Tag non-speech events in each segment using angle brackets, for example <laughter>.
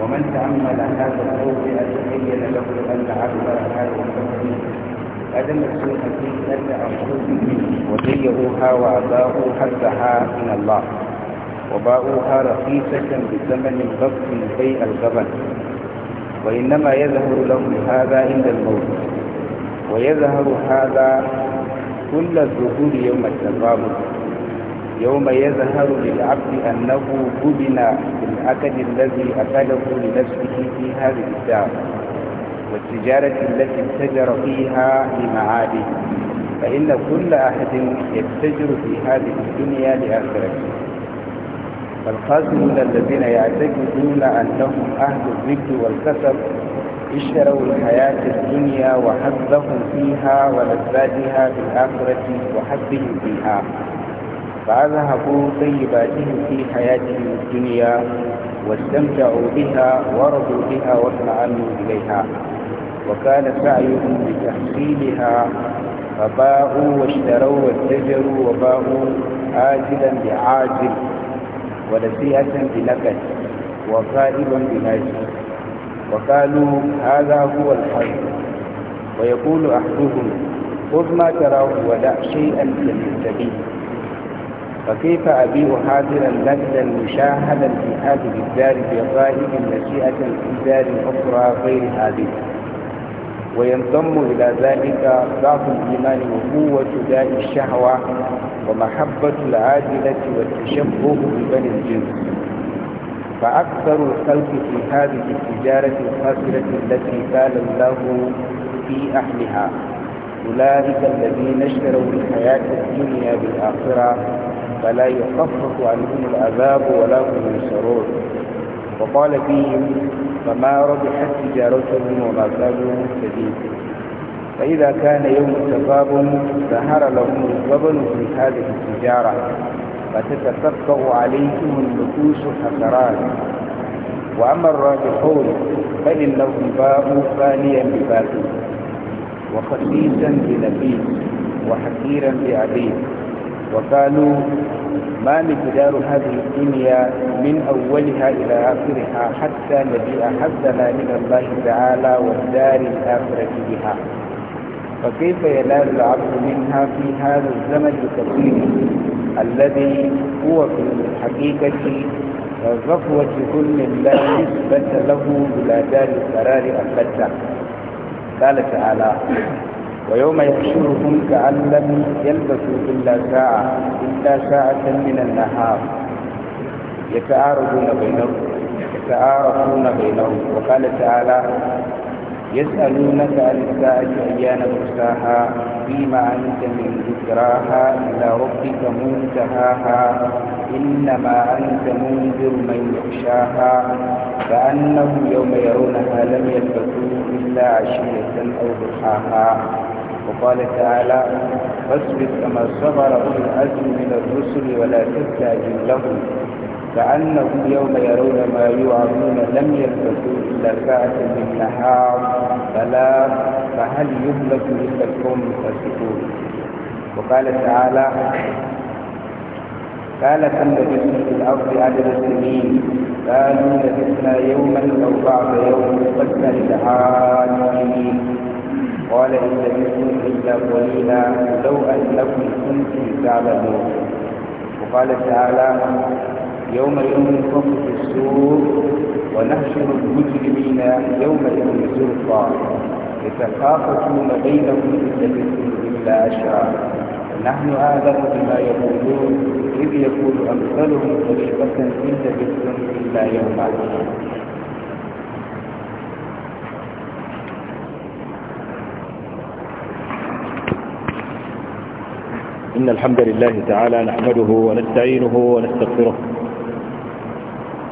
ومن تأمل هذا القول أتبين له أن عبد هذا الحكم أدم السنة في أن أنفسهم وزيئوها وأباؤوا حدها من الله وباؤوها رخيصة بثمن بخس بيع الغبن وإنما يظهر لهم هذا عند الموت ويظهر هذا كل الظهور يوم التفاوت يوم يظهر للعبد أنه بذل بالأكل الذي أكله لنفسه في هذه الدار والتجارة التي اتجر فيها لمعاده فإن كل أحد يتجر في هذه الدنيا لآخرته فالخاسرون الذين يعتقدون أنهم أهل الذكر والكسب اشتروا الحياة الدنيا وحبهم فيها ولذاتها في الآخرة وحبهم فيها فأذهبوا طيباتهم في حياتهم الدنيا واستمتعوا بها ورضوا بها واطمأنوا إليها وكان سعيهم لتحصيلها فباعوا واشتروا واتجروا وباعوا عاجلا بعاجل ولسيئة بنكد وغائبا بناجل وقالوا هذا هو الحق ويقول أحدهم خذ ما تراه ودع شيئا تلتقيه فكيف أبيع حاضرا لذا مشاهدا في هذه الدار بغائب نشيئة في دار أخرى غير هذه وينضم إلى ذلك ضعف الإيمان وقوة داء الشهوة ومحبة العادله والتشبه ببني الجنس فأكثر الخلق في هذه التجارة الخاسرة التي قال الله في أهلها أولئك الذين اشتروا الحياة الدنيا بالآخرة فلا يخفف عنهم العذاب ولا هم ينصرون وقال فيهم فما ربحت تجارتهم وما كانوا مهتدين فإذا كان يوم تغاب ظهر لهم الغبن في هذه التجارة فتتفقع عليهم النفوس حسرات وأما الراجحون بل لهم باب فانيا بباب وخسيسا بنبيه وحكيرا بعبيد وقالوا ما مقدار هذه الدنيا من أولها إلى آخرها حتى نبيع حسنا من الله تعالى والدار الآخرة بها فكيف ينال العبد منها في هذا الزمن الكثير الذي هو في الحقيقة غفوة كل لا نسبة له بلا دار القرار البتة قال تعالى ويوم يحشرهم كأن لم يلبسوا إلا ساعة إلا ساعة من النهار يتعارضون بينهم يتعارفون بينهم وقال تعالى يسألونك عن الساعة أيان مرساها فيما أنت من ذكراها إلى ربك منتهاها إنما أنت منذر من يخشاها فأنه يوم يرونها لم يلبثوا إلا عشية أو ضحاها وقال تعالى فاصبر كما صبر أولو العزم من الرسل ولا تستعجل لهم فأنهم يوم يرون ما يوعظون لم يلبثوا إلا ساعة من نهار فلا فهل يهلك إلا القوم الفاسقون وقال تعالى قال كم لبثتم في الأرض عدد السنين قالوا لبثنا يوما أو بعض يوم قلنا للعالمين قال إن لبثتم إلا قليلا لو أنكم كنتم تعلمون وقال تعالى يوم ينفخ في السور ونحشر المجرمين يوم زرقا يتخافتون بينهم إن إلا أشرا نحن أعلم بما يقولون إذ يقول أمثلهم طريقة إن لبثتم إلا يوما إن الحمد لله تعالى نحمده ونستعينه ونستغفره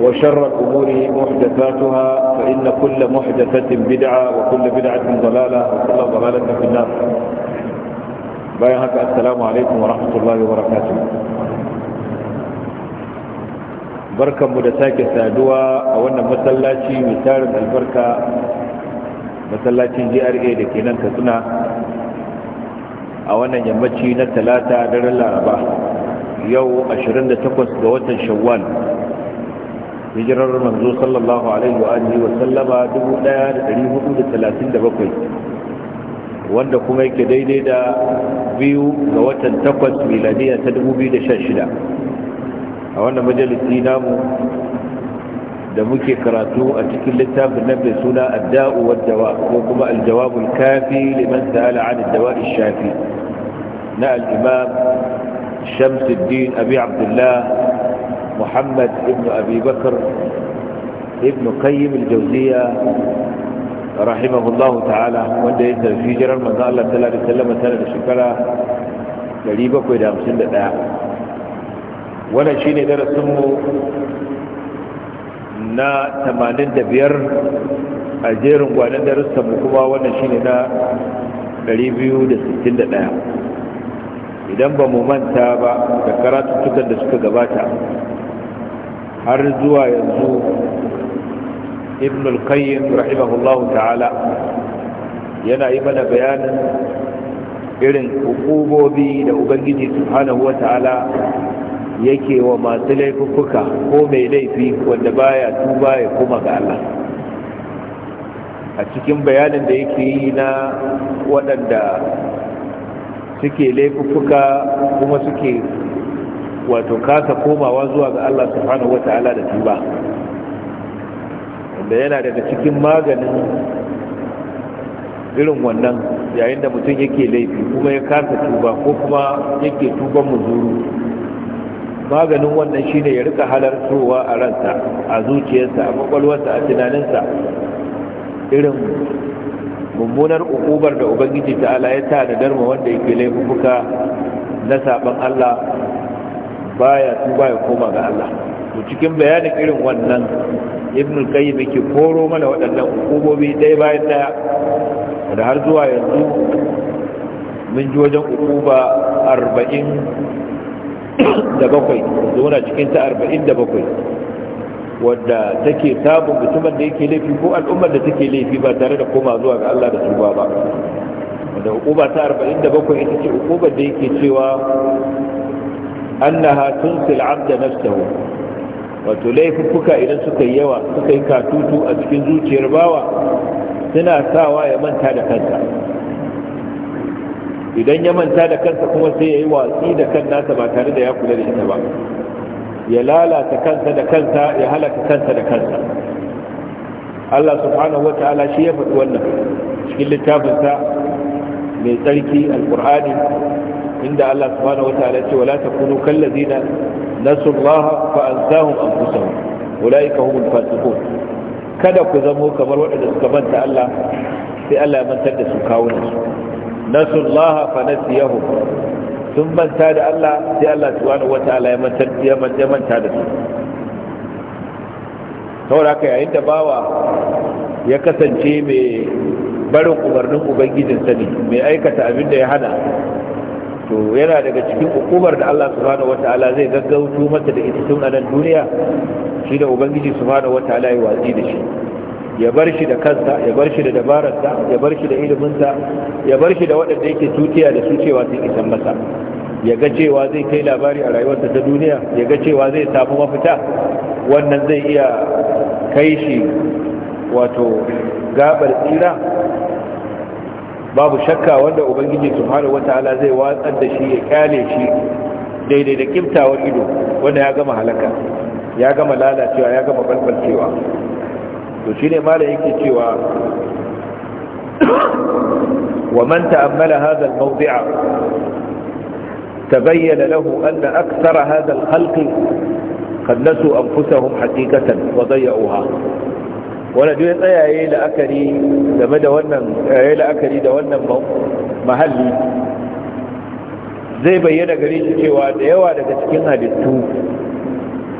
وشر الأمور محدثاتها فإن كل محدثة بدعة وكل بدعة ضلالة وكل ضلالة في النار بايهك السلام عليكم ورحمة الله وبركاته بركة مدساك سادوة أولا مسلاتي مثال البركة مسلاتي جي أر إيه لكي ننتسنا أولا يمتشي نتلاتة درلا رباه يو أشرين تقوس دوة شوال hijirar manzo sallallahu alaihi wa alihi wa sallama 1437 wanda kuma yake daidai da biyu ga watan takwas miladiya ta 2016 a wannan majalisi namu da muke karatu a cikin littafin nan mai suna adda'u wadda ko kuma aljawabul kafi liman sa'ala an addawa'i shafi na al-imam Shamsuddin Abi Abdullah محمد ابن أبي بكر ابن قيم الجوزية رحمه الله تعالى وانده يسر في جرر من الله صلى الله عليه وسلم سنة شكرا قريبا كويدا مسند دا وانا شيني درسمه نا تمانين دبير أجيرن وانا درسمه كما وانا شيني نا قريبيو دا ستين دا idan ba mu manta ba da karatuttukan da suka gabata har zuwa yanzu ibn al-qayyim rahimahullahu ta'ala yana yi mana bayanin irin hukubobi da ubangiji subhanahu ta'ala yake wa masu laifuka ko mai laifi wanda baya tuba ya kuma ga Allah a cikin bayanin da yake yi na waɗanda suke laifuka kuma suke wato kasa komawa zuwa ga Allah subhanahu ta'ala da tuba wanda yana daga cikin maganin irin wannan yayin da mutum yake laifi kuma ya kasa tuba ko kuma yake tuban muzuru maganin wannan shine ya rika halartowa a ransa a zuciyarsa a kwakwalwarsa a tunaninsa irin mummunar ukubar da ubangiji ta'ala ya tanadar ma wanda yake laifuka na saban Allah baya tuba ya koma ga Allah to cikin bayanin irin wannan ibn al-qayyim yake koro mana waɗannan hukumomi dai bayan daya da har zuwa yanzu mun ji wajen hukuma 40 da bakwai zuwa cikin ta da bakwai, wadda take sabon mutumin da yake laifi ko al'ummar da take laifi ba tare da koma zuwa ga Allah da tuba ba wadda hukuma ta 47 ita ce hukumar da yake cewa annaha tunsil abda nafsahu wato laifuka idan suka yi yawa suka yi katutu a cikin zuciyar bawa suna sawa ya manta da kansa idan ya manta da kansa kuma sai ya yi watsi da kan nasa ba tare da ya kula da ita ba ya lalata kansa da kansa ya halaka kansa da kansa Allah subhanahu wata'ala shi ya faɗi wannan cikin littafinsa mai tsarki alƙur'ani inda Allah subhanahu wataala ya ce wala takunu kallazina nasullaha fa ansahum anfusahum ulaika humul fasiqun kada ku zamo kamar waɗanda suka manta Allah sai Allah ya mantar da su kawunan su nasullaha fa nasiyahum sun manta da Allah sai Allah subhanahu wataala ya mantar ya manta da su saboda haka yayin da bawa ya kasance mai barin umarnin ubangijinsa ne mai aikata abin da ya hana to yana daga cikin hukumar da Allah subhanahu wata'ala zai gaggauto mata da ita tun a nan duniya shi da ubangiji subhanahu wata'ala ya wazi da shi ya bar shi da kansa ya bar shi da dabararsa ya bar shi da iliminsa ya bar shi da waɗanda yake tutiya da su cewa sun isan masa ya ga cewa zai kai labari a rayuwarsa ta duniya ya ga cewa zai samu mafita wannan zai iya kai shi wato gabar tsira babu shakka wanda ubangiji subhanahu wataala zai watsar da shi ya kyale shi daidai da kimtawar ido wanda ya gama halaka ya gama lalacewa ya gama balbalcewa to shine malai yake cewa wa man ومن تأمل هذا الموضع تبين له أن أكثر هذا qad nasu anfusahum haqiqatan wa dayyuha wanda duk ya tsaya la'akari game da wannan yayi la'akari da wannan mahalli zai bayyana gari shi cewa da yawa daga cikin halittu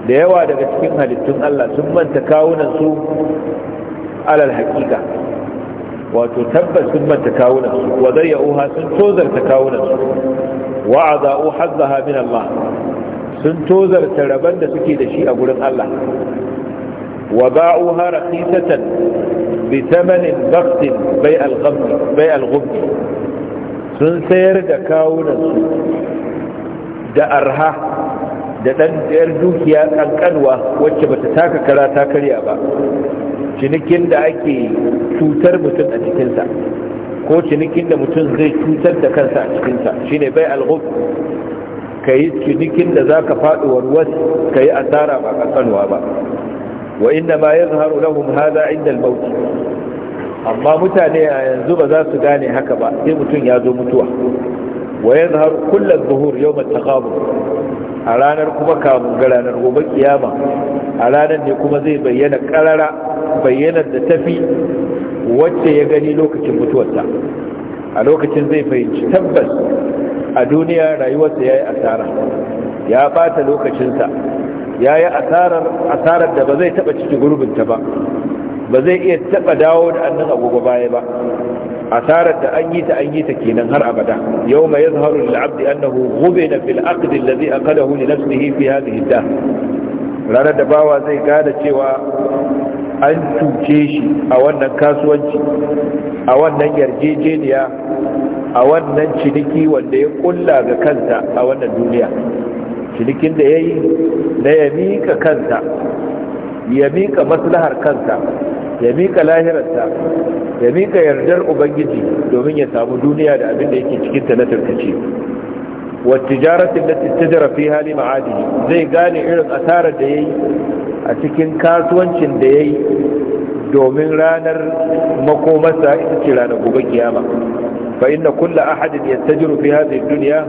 da yawa daga cikin halittun Allah sun manta kawunan su alal haqiqa wato tabbas sun manta kawunan su wa dayyuha sun tozarta kawunan su wa'aza azau hazzaha min Allah sun tozarta rabon da suke da shi a gurin Allah وباعوها رخيصة بثمن بخت بيع الغم بيع الغم sun sayar da kawunansu da arha da ɗan ɗayar dukiya ƙanƙanwa wacce ba ta taka kara ta karya ba cinikin da ake cutar mutum a cikinsa ko cinikin da mutum zai cutar da kansa a cikinsa shi ne bai alghub ka yi cinikin da za ka faɗuwar wasu ka yi asara ba ƙanƙanwa ba wa inda ma yazharu lahum hadha inda al-maut amma mutane a yanzu ba za su gane haka ba sai mutum ya zo mutuwa wa yazharu kullu adh-dhuhur yawm at-taqabur a ranar kuma kamun ga ranar gobe kiyama a ranar ne kuma zai bayyana karara bayyanar da tafi wacce ya gani lokacin mutuwarsa a lokacin zai fahimci tabbas a duniya rayuwarsa ya yi asara ya bata lokacinsa ya yi asarar da ba zai taba ciki gurbinta ba ba zai iya taba dawo da annan agogo baya ba asarar da an yi ta an yi ta kenan har abada yau mai yazharu abdi annahu ghubina fil aqdi allazi na li nafsihi fi hadhihi hidda. ranar da bawa zai gada cewa an cuce shi a wannan kasuwanci a wannan yarjejeniya a wannan ciniki wanda ya kulla ga kanta a wannan duniya cinikin da ya yi na ya miƙa kansa ya miƙa maslahar kansa ya miƙa lahirarsa ya miƙa yardar ubangiji domin ya samu duniya da abin da yake cikinta na tarkace wattijaratin da tajara fi hali ma'adihi zai gane irin asarar da ya yi a cikin kasuwancin da ya yi domin ranar makomasa ita ce ranar gobe kiyama فإن كل أحد يتجر في هذه الدنيا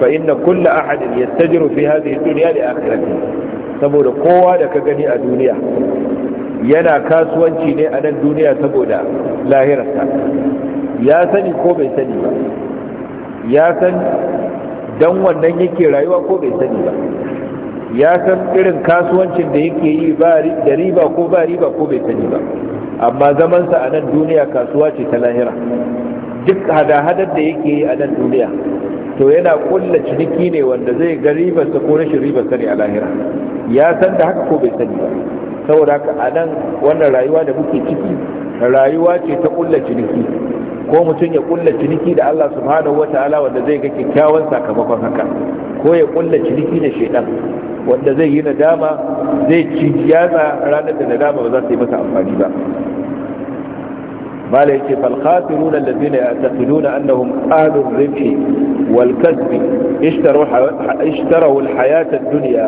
فإن كل أحد يتجر في هذه الدنيا لآخرته saboda kowa da ka gani a duniya yana kasuwanci ne a nan duniya saboda lahirarsa ya sani ko bai sani ba ya san dan wannan yake rayuwa ko bai sani ba ya san irin kasuwancin da yake yi da riba ko ba riba ko bai sani ba amma zamansa a nan duniya kasuwa ce ta lahira duk hada-hadar da yake a nan duniya to yana kulla ciniki ne wanda zai ga ribarsa ko rashin ribarsa ne a lahira ya san da haka ko bai sani ba saboda haka a nan wannan rayuwa da muke ciki rayuwa ce ta kulla ciniki ko mutum ya kulla ciniki da Allah subhanahu Ta'ala wanda zai ga kyakkyawan sakamakon haka ko ya kulla ciniki da shaidan wanda zai yi nadama zai ci yaza ranar da nadama ba za ta yi masa amfani ba mala yake falkhasirun allazina ya'taqiduna annahum ahlur ribhi wal kasbi ishtaru ishtaru al hayat ad dunya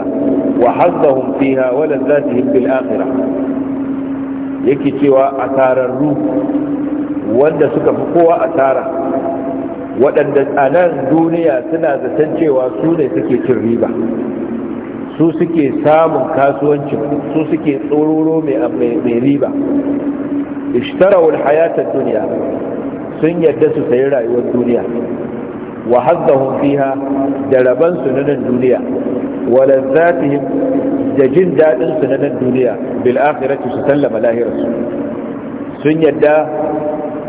wa hazzahum fiha wa ladzatihim bil akhirah yake cewa asararru wanda suka fi kowa asara waɗanda a nan duniya suna zaton cewa su suke cin riba su suke samun kasuwancin su suke tsororo mai riba ishtarau alhayatad dunya sun yadda su sayi rayuwar duniya wa haddahum fiha da raban su na nan duniya wa lazzatihim da jin dadin su na nan duniya bil akhirati su sallama lahirarsu sun yadda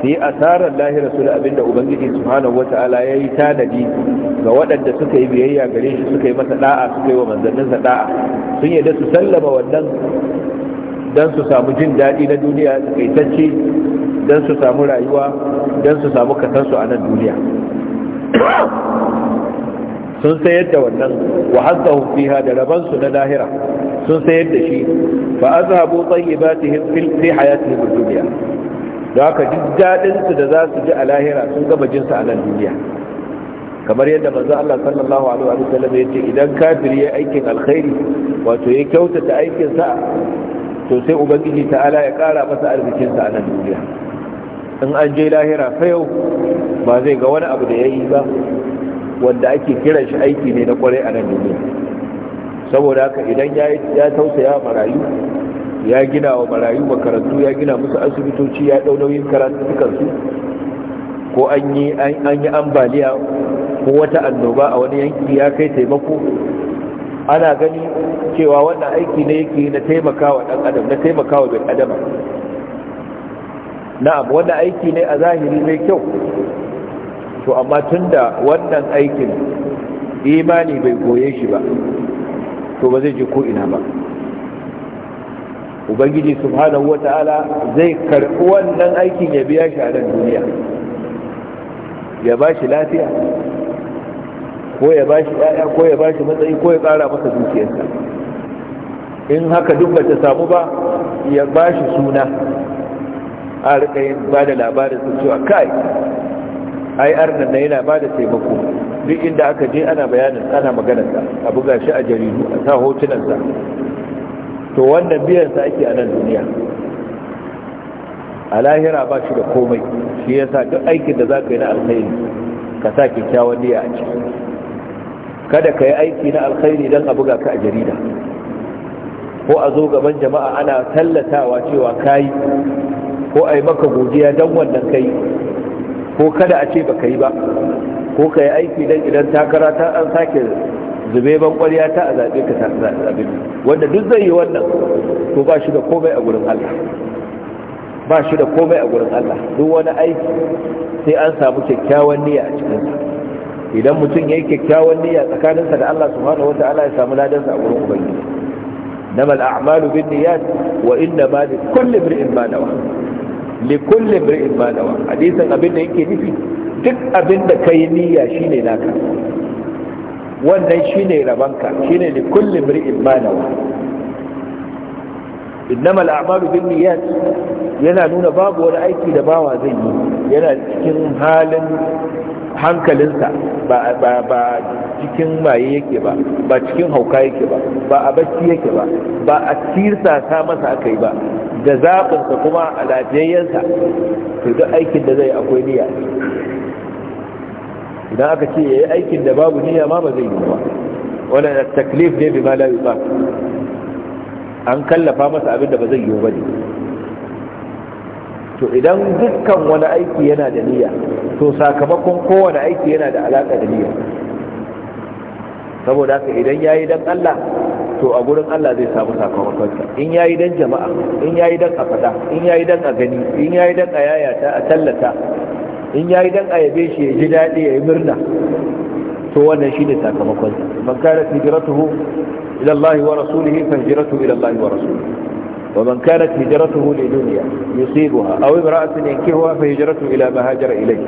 su yi asarar lahirarsu da abinda ubangiji subhanahu Ta'ala ya yi tanadi ga waɗanda suka yi biyayya gare shi suka yi masa da'a suka yi wa manzanninsa da'a sun yadda su sallama wannan don su samu jin daɗi na duniya takaitacce don su samu rayuwa don su samu kasansu a nan duniya sun sayar da wannan wa hazzahum fiha da rabansu na lahira sun sayar da shi fa azhabu tayyibatihim fil fi hayatihim ad-dunya da aka duk dadin su da za su ji a lahira sun gaba jin su a nan duniya kamar yadda manzo Allah sallallahu alaihi wa sallam yace idan kafiri ya aikin alkhairi wato ya kyautata aikin sa to sai ubangiji ta'ala ya kara masa arzikinsa a nan duniya in an je lahira fa yau ba zai ga wani abu da ya yi ba wanda ake kiran shi aiki ne na kwarai a nan duniya saboda haka idan ya tausaya marayu ya gina wa marayu makarantu ya gina musu asibitoci ya ɗau nauyin karatukansu ko an yi ambaliya ko wata annoba a wani yanki ya kai taimako ana gani cewa wannan aiki ne yake na taimakawa dan adam na taimakawa bin adama na'am wannan aiki ne a zahiri mai kyau to amma tunda wannan aikin imani bai goye shi ba to ba zai je ko ina ba ubangiji subhanahu wata'ala zai karɓi wannan aikin ya biya shi a nan duniya ya ba shi lafiya ko ya shi yaya ko ya shi matsayi ko ya kara masa dukiyarsa in haka duk bata samu ba ya ba shi suna a rika yin ba da labarin su cewa kai ai arnan na yana ba da taimako duk inda aka je ana bayanin ana maganarsa a buga shi a jaridu a sa hotunansa to wannan biyan sa ake a nan duniya a lahira ba shi da komai shi yasa duk aikin da za ka yi na alkhairi ka sa kyakkyawan niyya a ciki kada ka yi aiki na alkhairi don a buga ka a jarida ko a zo gaban jama'a ana tallatawa cewa yi, ko a yi maka godiya don wannan kai ko kada a ce ba ka yi ba ko ka yi aiki don idan takara ta an sake zube ban kwariya ta a zaɓe ka zaɓe wanda duk zai yi wannan to ba shi da komai a gurin Allah ba shi da komai a gurin Allah duk wani aiki sai an samu kyakkyawan niyya a cikinsa idan mutum ya yi kyakkyawan niyya tsakaninsa da Allah subhanahu ta'ala ya samu ladansa a wurin ubangiji namal a'malu bin niyyat wa inna ma li kulli bir'in ma nawa li kulli imrin ma nawa hadisin abin da yake nufi duk abin da kai niyya shine naka wannan shine rabanka shine li kulli bir'in ma nawa innamal a'malu bin niyyat yana nuna babu wani aiki da bawa zai yi yana cikin halin hankalinsa ba ba ba cikin maye yake ba ba cikin hauka yake ba ba a bacci yake ba ba a tirsa ta masa akai ba da zaɓinsa kuma a to duk aikin da zai akwai niyya idan aka ce ya yi aikin da babu niyya ma ba zai yi ba wannan taklif ne bi ma la yuqa an kallafa masa abin da ba zai yiwu ba ne to idan dukkan wani aiki yana da niyya to sakamakon kowane aiki yana da alaƙa da niyya saboda haka idan ya yi don Allah to a gurin Allah zai samu sakamakonsa in ya yi don jama'a in ya yi don a faɗa, in ya yi don a gani in ya yi don a yayata a tallata in ya yi don a yabe shi ya ji daɗi ya yi murna to wannan shi ne sakamakonsa man kare إلى الله ورسوله فهجرته إلى الله ورسوله ومن كانت هجرته لدنيا يصيبها أو امرأة ينكهها فهجرته إلى ما هاجر إليه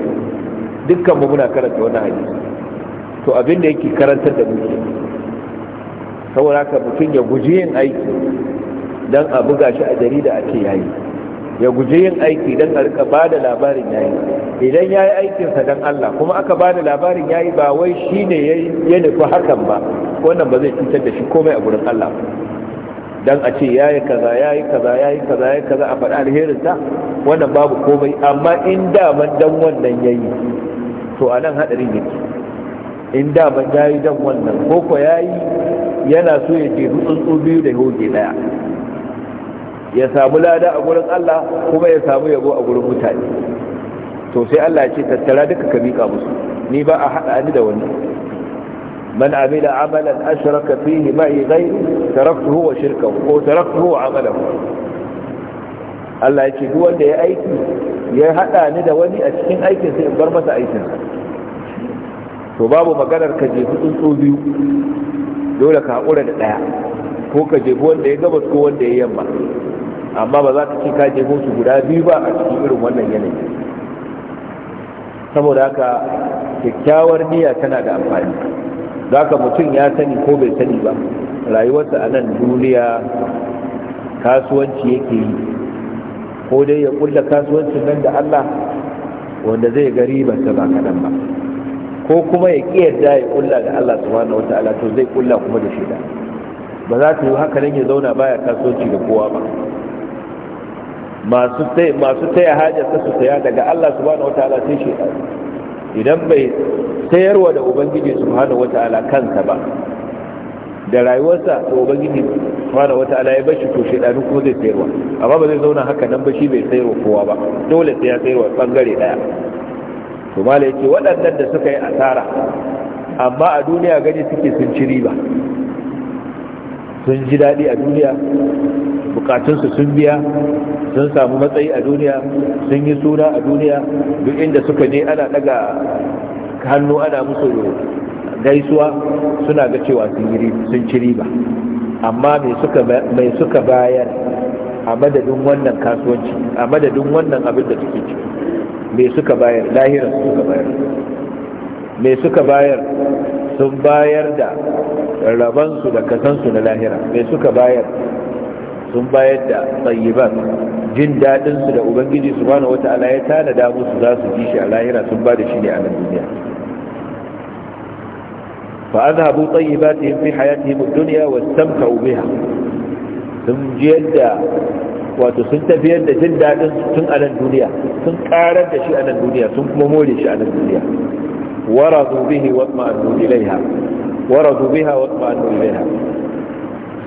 دكا ممنا كانت وانا حديث to abin da yake karantar da muke saboda haka mutum ya guji yin aiki don a buga shi a jarida a ce yayi ya guji yin aiki don a rika ba da labarin yayi idan ya yi aikinsa don Allah kuma aka ba da labarin yayi ba wai shi ne ya nufi hakan ba wannan ba zai cutar da shi komai a gurin Allah don a ce ya yi kaza ya yi kaza ya yi kaza ya yi kaza a faɗa alherinsa wannan babu komai amma in daman dan wannan ya yi to a nan haɗarin yake in daman ya yi dan wannan koko ya yi yana so ya je tsuntsu biyu da hoge ɗaya ya samu lada a gurin Allah kuma ya samu yabo a gurin mutane to sai Allah ya ce tattara duka ka miƙa musu ni ba a haɗa ni da wani man amila amalan ashraka fihi ma'i ghayri taraktuhu wa shirkahu ko taraktuhu wa amalahu Allah ya ce duk wanda ya aiki ya haɗa ni da wani a cikin aikin sai in bar masa aikin to babu maganar ka jefi tsuntsu biyu dole ka haƙura da ɗaya ko ka jefi wanda ya gabas ko wanda ya yamma amma ba za ka ce ka jefo su guda biyu ba a cikin irin wannan yanayi saboda haka kyakkyawar niyya tana da amfani za ka mutum ya sani ko bai sani ba rayuwarsa a nan duniya kasuwanci yake yi ko dai ya kulla kasuwancin nan da allah wanda zai gari ba ta ba kaɗan ba ko kuma ya ƙi yadda ya kulla da allah subhanahu wa ta'ala to zai kulla kuma da shida ba za ta yi haka nan ya zauna baya kasuwanci da kowa ba masu taya hajjarsa su saya daga Allah subhanahu wataala sai shi idan bai sayarwa da ubangiji subhanahu wataala kansa ba da rayuwarsa da ubangiji subhanahu wataala ya bashi to shedanu ko zai sayarwa amma ba zai zauna haka nan ba shi bai sayarwa kowa ba dole sai ya sayarwa bangare daya to mala yake waɗannan da suka yi asara amma a duniya gani suke sun ci riba sun ji daɗi a duniya bukatunsu sun biya sun samu matsayi a duniya sun yi suna a duniya duk inda suka je ana daga hannu ana musu gaisuwa suna ga cewa sun ci riba amma mai suka bayar a madadin wannan kasuwanci a madadin wannan abin da suke ci mai suka bayar lahirar suka bayar mai suka bayar sun bayar da rabansu da kasansu na lahira mai suka bayar sun bayar da tsayiban jin daɗinsu da ubangiji su bane wata ala ya tanada musu za su ji shi a lahira sun ba da shi ne a nan duniya fa an azhabu tayyibatihim fi hayatihim ad-dunya wastamta'u ubiha. sun ji yadda wato sun tafi yadda jin daɗin tun a nan duniya sun karar da shi a nan duniya sun kuma more shi a nan duniya Wara bihi wa ma'annu ilaiha waradu biha wa ma'annu ilaiha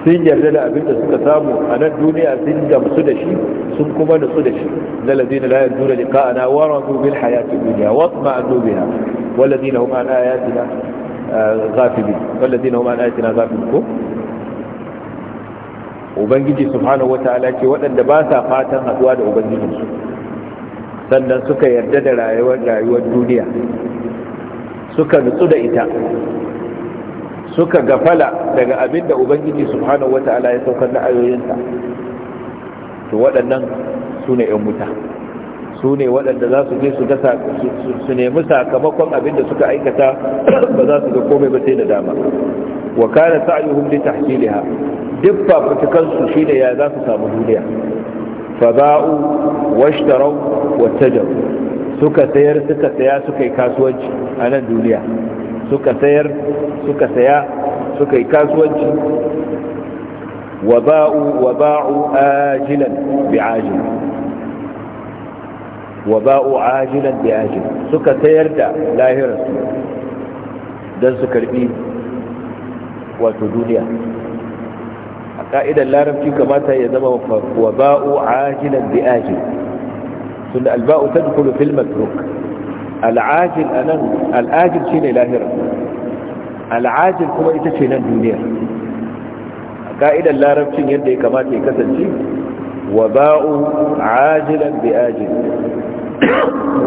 sun yarda da abin da suka samu a nan duniya sun gamsu da shi sun kuma nutsu da shi na lazina la yanzu da liqa'ana uh, ko ubangiji subhanahu wataala ce waɗanda ba sa fatan haɗuwa da ubangijinsu sannan suka yarda da rayuwar rayuwar duniya suka nutsu da ita suka gafala daga abin da ubangiji subhanahu wata'ala ya saukar na ayoyinsa to waɗannan su ne ‘yan wuta su ne waɗanda za su je su nemi sakamakon abin da suka aikata <clears throat> ba za su ga komai ba sai da dama wa kana sa'yuhum li tahsiliha duk fafutukansu shine ya za su samu duniya fa ba'u washtaraw wattajaru suka sayar suka saya suka yi kasuwanci a nan duniya suka sayar suka saya suka yi kasuwanci wa ba'u wa ba'u ajilan bi ajil wa ba'u ajilan bi ajil suka sayar da lahirarsu don su karbi wato duniya a ka'idar larabci kamata ya zama wa ba'u ajilan bi ajil sun alba'u tadkhulu fil matruk al'ajil anan al'ajil shine lahira al'ajil kuma ita ce nan duniya a ka'idar larabcin yadda ya kamata ya kasance wa ba'u ajilan bi ajil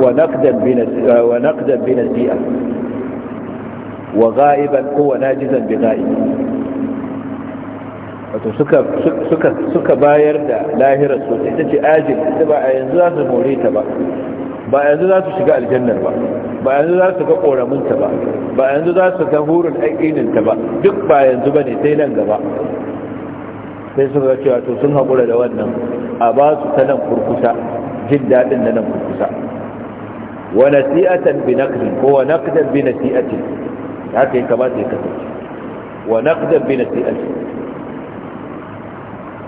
wa naqdan bi nasi'a wa naqdan bi ghaiban huwa najizan bi ghaib wato suka suka bayar da lahirar su ita ce ajil ita ba a yanzu za su more ta ba ba yanzu za su shiga aljannar ba ba yanzu za su ga koramunta ba ba yanzu za su ga hurin aikininta ba duk ba yanzu ba ne sai nan gaba sai sun ga cewa to sun haƙura da wannan a ba su ta nan kurkusa jin daɗin da nan kurkusa wa nasi'atan bi naqdin ko wa naqdan bi na nasi'atin haka yi kamata ya kasance wa naqdan bi na nasi'atin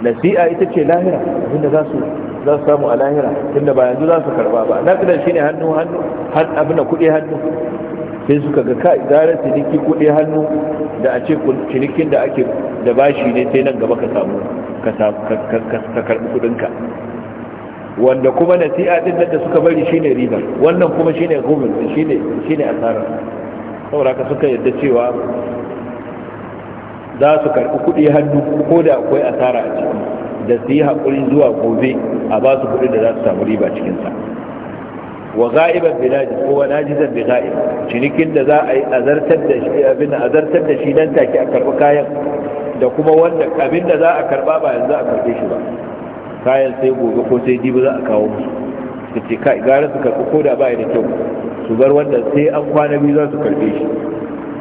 nasi'a ita ce lahira abinda za su za su samu a lahira tunda ba yanzu za su karba ba shi ne hannu hannu abin da kudi hannu sai suka ga kai zarar ciniki kudi hannu da a ce cinikin da ake da bashi ne sai nan gaba ka samu ka karbi kuɗinka wanda kuma na nasi'a din da suka bari shine riba wannan kuma shine gumul shine shine asara saboda ka suka yadda cewa za su karɓi kuɗi hannu ko da akwai asara a ciki da su yi haƙuri zuwa gobe a ba su kuɗi da za su samu riba cikinsa wa ga'iban bi najis ko wa najizan bi ga'ib cinikin da za a yi azartar da shi abin azartar da shi nan take a karɓi kayan da kuma wanda abin da za a karɓa ba yanzu a karɓe shi ba kayan sai gobe ko sai jibi za a kawo musu su ce kai gara su karɓi ko da ba da kyau su bar wanda sai an kwana biyu za su karɓe shi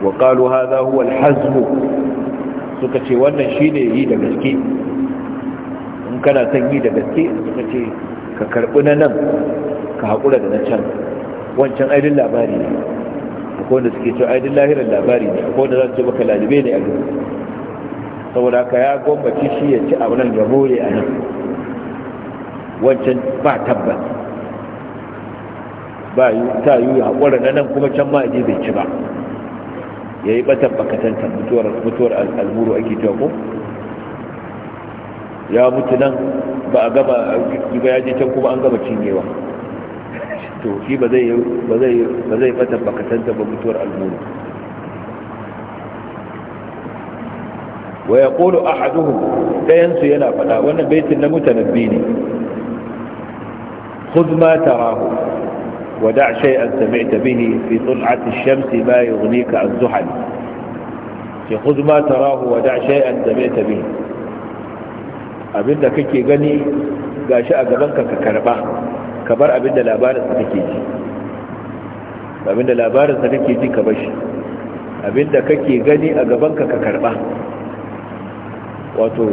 wa qalu hadha huwa al suka ce wannan shi ne yi da gaske in kana son yi da gaske suka ce ka karɓi na nan ka haƙura da na can wancan aidin labari ne akwai kowanda suke cewa aidin lahirar labari ne akwai kowanda za su ce maka lalibe ne a gaba saboda ka ya gwambaci shi ya ci abu nan ya more a nan wancan ba tabbas ba ta yi haƙura na nan kuma can ma ajiye bai ci ba ya yi batan bakatanta mutuwar alburu ake cewa ko ya mutu nan ba a gaba ba ya can kuma an gaba cinyewa to shi ba zai batan bakatanta ba mutuwar alburu wa ya kolo a haduhu ɗayensu yana faɗa wannan baitin na mutanabbi ne ta tarahu ودع شيئا سمعت به في طلعة الشمس ما يغنيك الزحل خذ ما تراه ودع شيئا سمعت به abinda kake gani gashi a gabanka ka karba ka bar abinda labarinsa kake ji abinda labarinsa kake ji ka bashi abinda kake gani a gabanka ka karba wato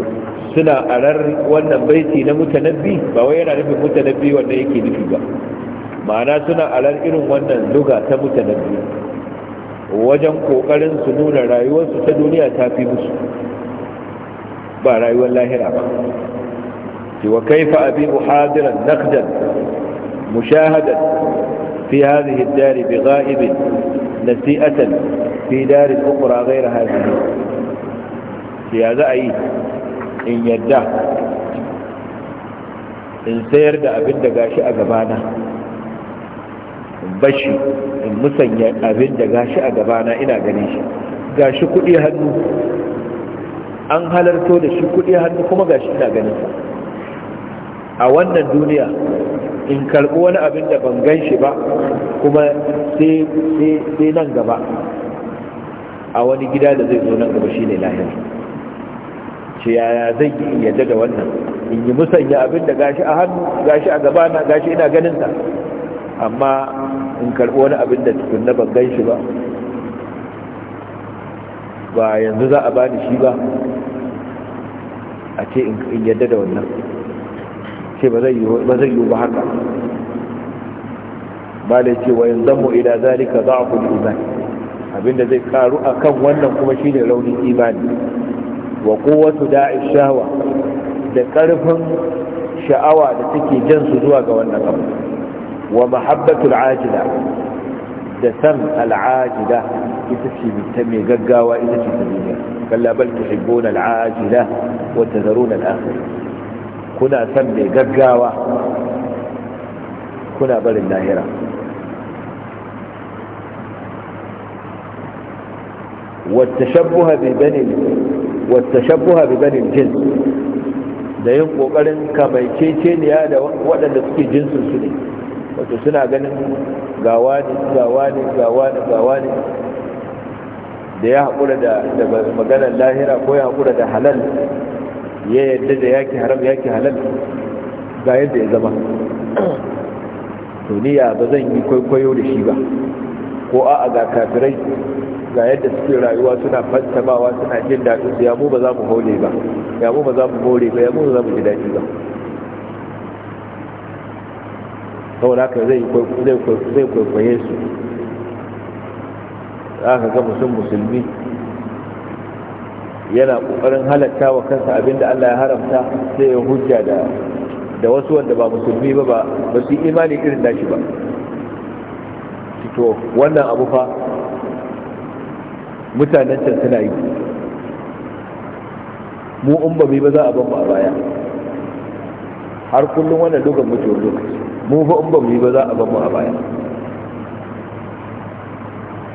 suna arar wannan baiti na mutanabbi ba wai yana nufin mutanabbi wanda yake nufi ba ma'ana suna alar irin wannan zuga ta biyu. wajen kokarin su nuna rayuwarsu ta duniya ta fi musu ba rayuwar lahira ba ce wa kaifa abi uhadiran naqdan mushahadan fi hadhihi ad-dar bi ghaib nasi'atan fi dar ukhra ghayra hadhihi ce ya za in yadda in sayar da abin da gashi a gabana in bashi in musanya abin da gashi a gabana ina ganin shi gashi kuɗi hannu an halarto da shi kuɗi hannu kuma gashi ina ganin sa a wannan duniya in karɓi wani abin da ban gan shi ba kuma sai nan gaba a wani gida da zai zo nan gaba shine lahira ce yaya zai yi yadda da wannan in yi musanya abin da gashi a hannu gashi a gabana gashi ina ganin sa amma in karɓi wani abin da cikin na ban shi ba ba yanzu za a bani shi ba a ce in yadda da wannan ce ba zai yi ba haka ba da ce wayan zambo ila zalika za a kuli imani abinda zai karu a kan wannan kuma shi ne raunin imani wa kowatu da'i shawa da ƙarfin sha'awa da take jan su zuwa ga wannan abu wa mahabbatul ajila da san al'ajila ita ce ta mai gaggawa ita ce ta duniya kalla bal tuhibbuna al'ajila wa tazaruna al kuna san mai gaggawa kuna barin lahira والتشبه ببني والتشبه ببني الجنس da yin kokarin kamaicece ne ya da waɗanda suke jinsin su ne wato suna ganin gawa ne gawa ne gawa ne gawa ne da ya haƙura da maganar lahira ko ya haƙura da halal ya yadda da yaki haram yaki halal ga yadda ya zama to ya ba zan yi kwaikwayo da shi ba ko a'a ga kafirai ga yadda suke rayuwa suna fantamawa suna jin daɗin su yamu ba za mu hore ba yamu ba za mu hore ba yamu ba za mu ji daɗi ba saboda haka zai kwaikwaye su za ka ga mutum musulmi yana ƙoƙarin halatta wa kansa abinda Allah ya haramta sai ya hujja da da wasu wanda ba musulmi ba ba su imani irin nashi ba to wannan abu fa mutanen can suna yi mu in ba ba za a ban mu a baya har kullum wannan dogon mutuwar lokaci mu fa in ba mu yi ba za a ban mu a baya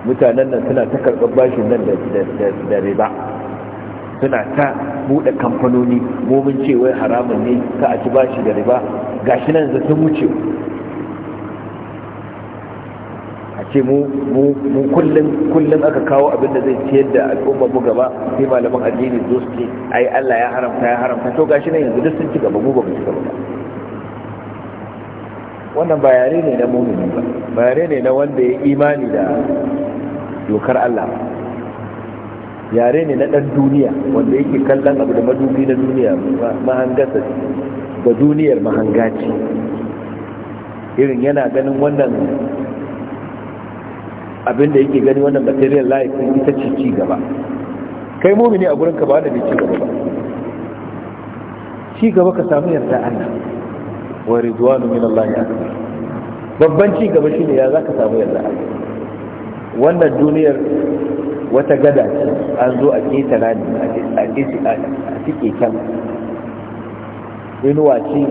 mutanen nan suna ta karɓar bashin nan da riba suna ta buɗe kamfanoni mun ce wai haramun ne ka a ci bashi da riba gashi nan za ta wuce a ce mu kullum kullum aka kawo abin da zai ciyar da al'umma mu gaba sai malaman addini zo su ce ai Allah ya haramta ya haramta to gashi nan yanzu duk sun ci gaba mu ba mu ci gaba ba wannan ba yare ne na mumini ba ba yare ne na wanda ya imani da dokar Allah yare ne na dan duniya wanda yake kallon abu da madubi na duniya mahangasa da duniyar mahangaci irin yana ganin wannan abinda yake gani wannan material life ita ce ci gaba kai mumini a gurinka ba da ci gaba ba ci gaba ka samu yarda Allah wa ridwanu min Allah ya babban ci gaba shine ya zaka samu yarda wannan duniyar wata gada ce an zo a keta rani a keci a cike kan inuwa ce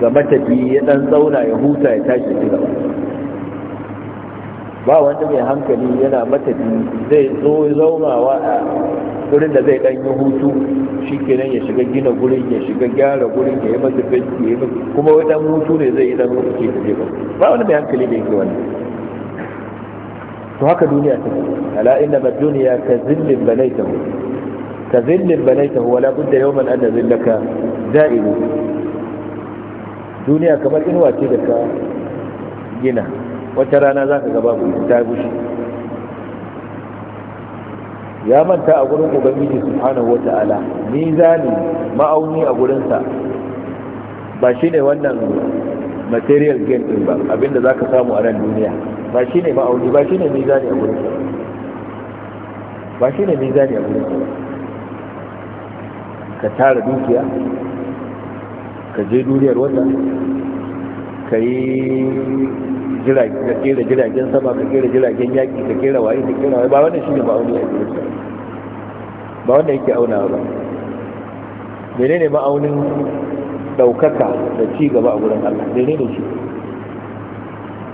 ga matafi ya dan tsauna ya huta ya tashi ci ba wanda mai hankali yana matafi zai zo zaunawa a gurin da zai ɗanyi hutu shi kenan ya shiga gina gurin ya shiga gyara gurin ya yi masa fenti ya yi masa kuma wani ɗan hutu ne zai yi ɗan hutu ke da ba ba wani mai hankali da yake wani to haka duniya ta ce ala inna ma duniya ka zillin banaitahu ka zillin banaitahu wala budda yawman an zillaka za'ilu duniya kamar inuwa ce da ka gina wata rana za ka gaba mai ta gushi ya manta a gurin ubangiji subhanahu wata'ala mizani ma'auni a gurinsa ba shi ne wannan material gain din ba abinda za ka samu a nan duniya ba shi ne ma'auni ba shi ne mizani a gurinsa ba shi ne mizani a gurinsa ka tara dukiya ka je duniyar wata ka yi kera jiragen sama ka kera jiragen yaƙi ka kera waye ka kera waye ba wannan shi ne ma'auni ya kira ba wanda yake auna ba menene ma'aunin ɗaukaka da ci gaba a wurin Allah menene shi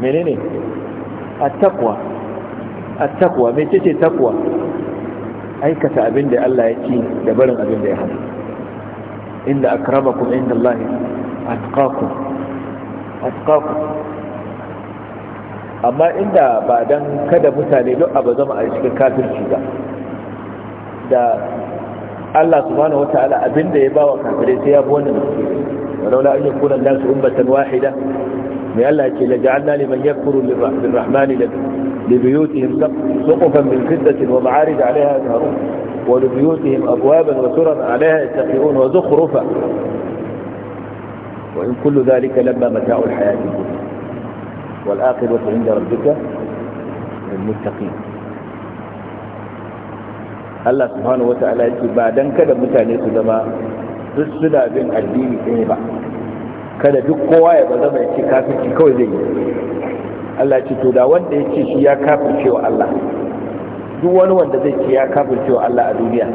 menene at-taqwa at-taqwa mece ce taqwa aikata abin da Allah ya ci da barin abin da ya hana inda akramakum inda Allah atqakum atqakum amma inda ba dan kada mutane duk abu zama a cikin kafirci ba da Allah subhanahu wataala abinda ya bawa kafirai sai ya bi wannan ولولا أن يكون الناس أمة واحدة من الله يقول لجعلنا لمن يكفر بالرحمن لبيوتهم سقفا من فضة ومعارج عليها يظهرون ولبيوتهم أبوابا وسرا عليها يتقيون وزخرفا وإن كل ذلك لما متاع الحياة الدنيا والآخرة عند ربك للمتقين الله سبحانه وتعالى يقول بعد أن كذا متاني سلما رسنا بين الدين إيبا كذا دق قوايا بذلما يتكافي تكوي زي الله يتكو دا وانت يتكي يا كافر شو الله دوان وانت يتكي يا كافر شو الله الدنيا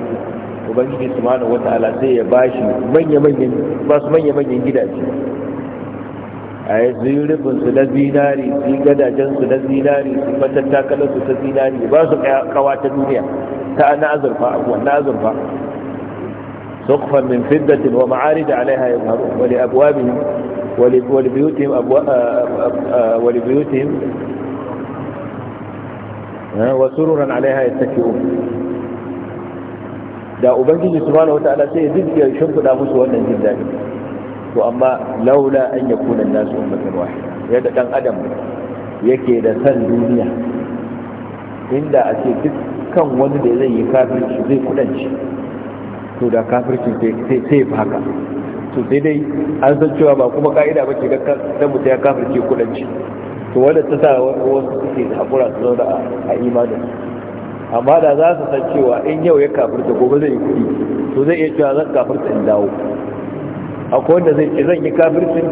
ubangiji subhanahu wata'ala sai ya bashi manya-manyan ba su manya-manyan gidaje a yi zirubin su na zinari su gadajen su na zinari su matattakalar su ta zinari ba su kawa ta duniya ta na azurfa abuwa na azurfa min wa alaiha ya سقفا من فضة ومعارج عليها يظهرون ولأبوابهم ولبيوتهم أبوا... ولبيوتهم وسررا عليها يتكئون da ubangiji subhanahu wataala sai ya dinga shimfida musu wannan jin dadi to amma laula an yakuna nasu ummatan wahida yadda dan adam yake da san duniya inda a ce dukkan wani da zai yi kafirci zai kudanci to da kafirci sai sai haka to sai dai an san cewa ba kuma ka'ida ba ce da mutum ya kafirci kudanci to wanda ta sa wasu suke da haƙura su zauna a imanin amma da za su san cewa in yau ya kafirta gobe zai yi kudi to zai iya cewa zan kafirta in dawo akwai wanda zai ce zan yi kafircin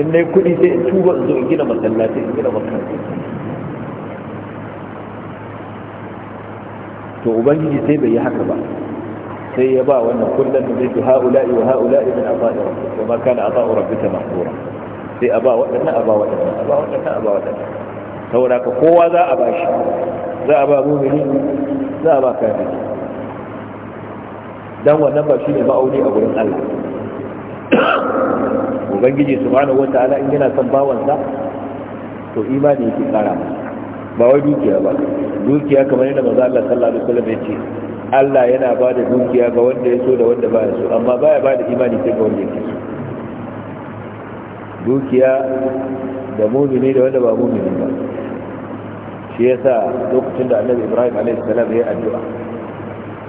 in na yi kudi sai in tuba in zo in gina masallaci in gina masallaci to ubangiji sai bai yi haka ba sai ya ba wannan kullum da zai ha'ula'i wa ha'ula'i min afa'i rabbika wa ma kana ata'u rabbika mahdura sai a ba waɗannan a ba waɗannan a ba waɗannan a ba waɗannan saboda ka kowa za a bashi za a ba mumini za a ba kafin dan wannan ba shi ne ma'auni a wurin Allah ubangiji subhanahu wataala in yana son bawansa to imani yake kara masa ba wai dukiya ba dukiya kamar yadda manzo Allah sallallahu alaihi wasallam ya ce Allah yana ba da dukiya ga wanda ya so da wanda ba ya so amma baya ba da imani sai ga wanda yake so dukiya da mumini da wanda ba mumini ba shi ya sa lokacin da annabi ibrahim alaihissalam ya addu'a